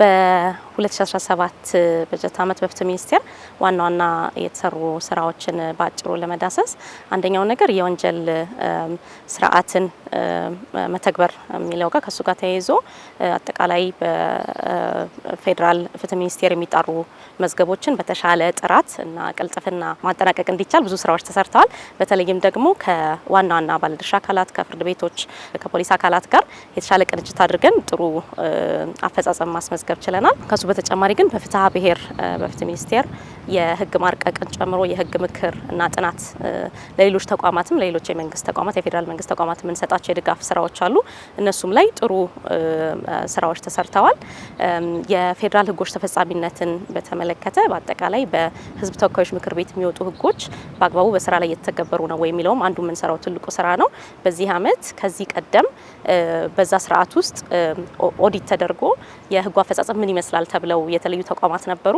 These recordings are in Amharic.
በ 2017 በጀት ዓመት በፍትህ ሚኒስቴር ዋና ዋና የተሰሩ ስራዎችን በአጭሩ ለመዳሰስ አንደኛው ነገር የወንጀል ስርዓትን መተግበር የሚለው ጋር ከእሱ ጋር ተያይዞ አጠቃላይ በፌዴራል ፍትህ ሚኒስቴር የሚጣሩ መዝገቦችን በተሻለ ጥራት እና ቅልጥፍና ማጠናቀቅ እንዲቻል ብዙ ስራዎች ተሰርተዋል። በተለይም ደግሞ ከዋና ዋና ባለድርሻ አካላት ከፍርድ ቤቶች፣ ከፖሊስ አካላት ጋር የተሻለ ቅንጅት አድርገን ጥሩ አፈጻጸም ማስመዝገብ ችለናል። በተጨማሪ ግን በፍትሐ ብሔር በፍትህ ሚኒስቴር የህግ ማርቀቅን ጨምሮ የህግ ምክር እና ጥናት ለሌሎች ተቋማትም ለሌሎች የመንግስት ተቋማት የፌዴራል መንግስት ተቋማት የምንሰጣቸው የድጋፍ ስራዎች አሉ። እነሱም ላይ ጥሩ ስራዎች ተሰርተዋል። የፌዴራል ህጎች ተፈጻሚነትን በተመለከተ በአጠቃላይ በህዝብ ተወካዮች ምክር ቤት የሚወጡ ህጎች በአግባቡ በስራ ላይ የተገበሩ ነው ወይ የሚለውም አንዱ የምንሰራው ትልቁ ስራ ነው። በዚህ አመት ከዚህ ቀደም በዛ ስርዓት ውስጥ ኦዲት ተደርጎ የህጉ አፈጻጸም ምን ይመስላል ተብለው የተለዩ ተቋማት ነበሩ።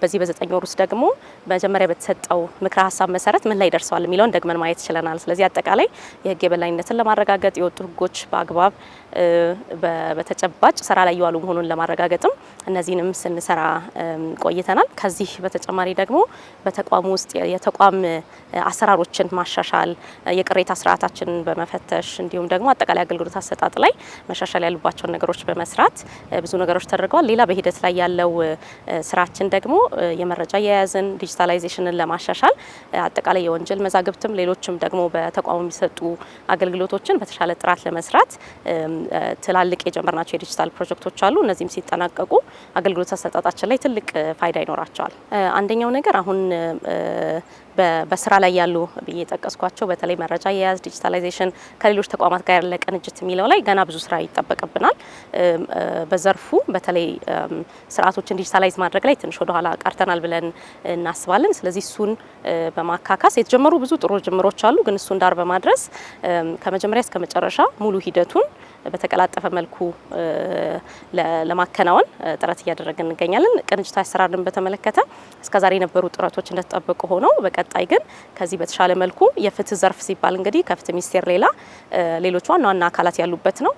በዚህ በዘጠኝ ወር ውስጥ ደግሞ መጀመሪያ በተሰጠው ምክረ ሀሳብ መሰረት ምን ላይ ደርሰዋል የሚለውን ደግመን ማየት ችለናል። ስለዚህ አጠቃላይ የህግ የበላይነትን ለማረጋገጥ የወጡ ህጎች በአግባብ በተጨባጭ ስራ ላይ የዋሉ መሆኑን ለማረጋገጥም እነዚህንም ስንሰራ ቆይተናል። ከዚህ በተጨማሪ ደግሞ በተቋም ውስጥ የተቋም አሰራሮችን ማሻሻል፣ የቅሬታ ስርዓታችንን በመፈተሽ እንዲሁም ደግሞ አጠቃላይ አገልግሎት አሰጣጥ ላይ መሻሻል ያሉባቸውን ነገሮች በመስራት ብዙ ነገሮች ተደርገዋል። ሌላ በሂደት ላይ ያለው ስራችን ደግሞ የመረጃ አያያዝን ዲጂታላይዜሽንን ለማሻሻል አጠቃላይ የወንጀል መዛግብትም ሌሎችም ደግሞ በተቋሙ የሚሰጡ አገልግሎቶችን በተሻለ ጥራት ለመስራት ትላልቅ የጀመርናቸው የዲጂታል ፕሮጀክቶች አሉ። እነዚህም ሲጠናቀቁ አገልግሎት አሰጣጣችን ላይ ትልቅ ፋይዳ ይኖራቸዋል። አንደኛው ነገር አሁን በስራ ላይ ያሉ ብዬ የጠቀስኳቸው በተለይ መረጃ የያዝ ዲጂታላይዜሽን ከሌሎች ተቋማት ጋር ያለ ቅንጅት የሚለው ላይ ገና ብዙ ስራ ይጠበቅብናል። በዘርፉ በተለይ ስርዓቶችን ዲጂታላይዝ ማድረግ ላይ ትንሽ ወደኋላ ቀርተናል ብለን እናስባለን። ስለዚህ እሱን በማካካስ የተጀመሩ ብዙ ጥሩ ጅምሮች አሉ፣ ግን እሱ ዳር በማድረስ ከመጀመሪያ እስከ መጨረሻ ሙሉ ሂደቱን በተቀላጠፈ መልኩ ለማከናወን ጥረት እያደረግን እንገኛለን። ቅንጅታዊ አሰራርን በተመለከተ እስከዛሬ የነበሩ ጥረቶች እንደተጠበቁ ሆነው በቀጣይ ግን ከዚህ በተሻለ መልኩ የፍትህ ዘርፍ ሲባል እንግዲህ ከፍትህ ሚኒስቴር ሌላ ሌሎች ዋና ዋና አካላት ያሉበት ነው።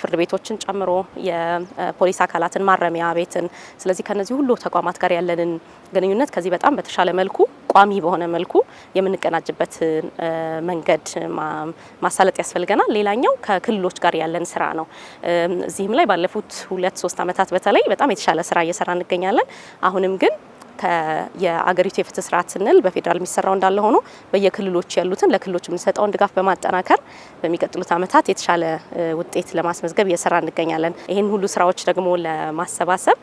ፍርድ ቤቶችን ጨምሮ የፖሊስ አካላትን፣ ማረሚያ ቤትን። ስለዚህ ከነዚህ ሁሉ ተቋማት ጋር ያለንን ግንኙነት ከዚህ በጣም በተሻለ መልኩ ቋሚ በሆነ መልኩ የምንቀናጅበት መንገድ ማሳለጥ ያስፈልገናል። ሌላኛው ከክልሎች ጋር ያለን ስራ ነው። እዚህም ላይ ባለፉት ሁለት ሶስት ዓመታት በተለይ በጣም የተሻለ ስራ እየሰራ እንገኛለን። አሁንም ግን የአገሪቱ የፍትህ ስርዓት ስንል በፌዴራል የሚሰራው እንዳለ ሆኖ በየክልሎች ያሉትን ለክልሎች የምንሰጠውን ድጋፍ በማጠናከር በሚቀጥሉት ዓመታት የተሻለ ውጤት ለማስመዝገብ እየሰራ እንገኛለን። ይህን ሁሉ ስራዎች ደግሞ ለማሰባሰብ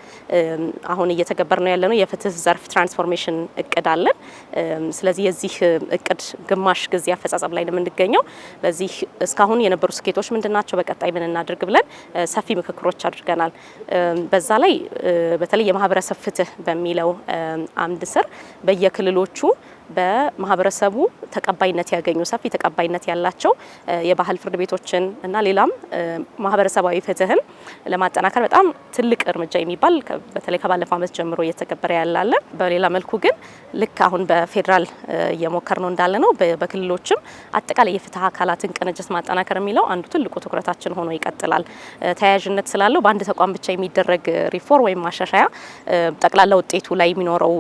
አሁን እየተገበር ነው ያለነው የፍትህ ዘርፍ ትራንስፎርሜሽን እቅድ አለን። ስለዚህ የዚህ እቅድ ግማሽ ጊዜ አፈጻጸም ላይ ነው የምንገኘው። በዚህ እስካሁን የነበሩ ስኬቶች ምንድናቸው፣ በቀጣይ ምን እናድርግ ብለን ሰፊ ምክክሮች አድርገናል። በዛ ላይ በተለይ የማህበረሰብ ፍትህ በሚለው አምድ ስር በየክልሎቹ በማህበረሰቡ ተቀባይነት ያገኙ ሰፊ ተቀባይነት ያላቸው የባህል ፍርድ ቤቶችን እና ሌላም ማህበረሰባዊ ፍትህን ለማጠናከር በጣም ትልቅ እርምጃ የሚባል በተለይ ከባለፈው ዓመት ጀምሮ እየተገበረ ያላለ። በሌላ መልኩ ግን ልክ አሁን በፌዴራል እየሞከር ነው እንዳለ ነው በክልሎችም አጠቃላይ የፍትህ አካላትን ቅንጅት ማጠናከር የሚለው አንዱ ትልቁ ትኩረታችን ሆኖ ይቀጥላል። ተያያዥነት ስላለው በአንድ ተቋም ብቻ የሚደረግ ሪፎርም ወይም ማሻሻያ ጠቅላላ ውጤቱ ላይ የሚኖረው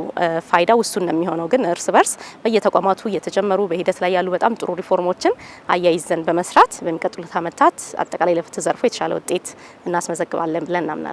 ፋይዳ ውሱን ነው የሚሆነው ግን እርስ በርስ በየተቋማቱ እየተጀመሩ በሂደት ላይ ያሉ በጣም ጥሩ ሪፎርሞችን አያይዘን በመስራት በሚቀጥሉት ዓመታት አጠቃላይ ለፍትህ ዘርፎ የተሻለ ውጤት እናስመዘግባለን ብለን እናምናለን።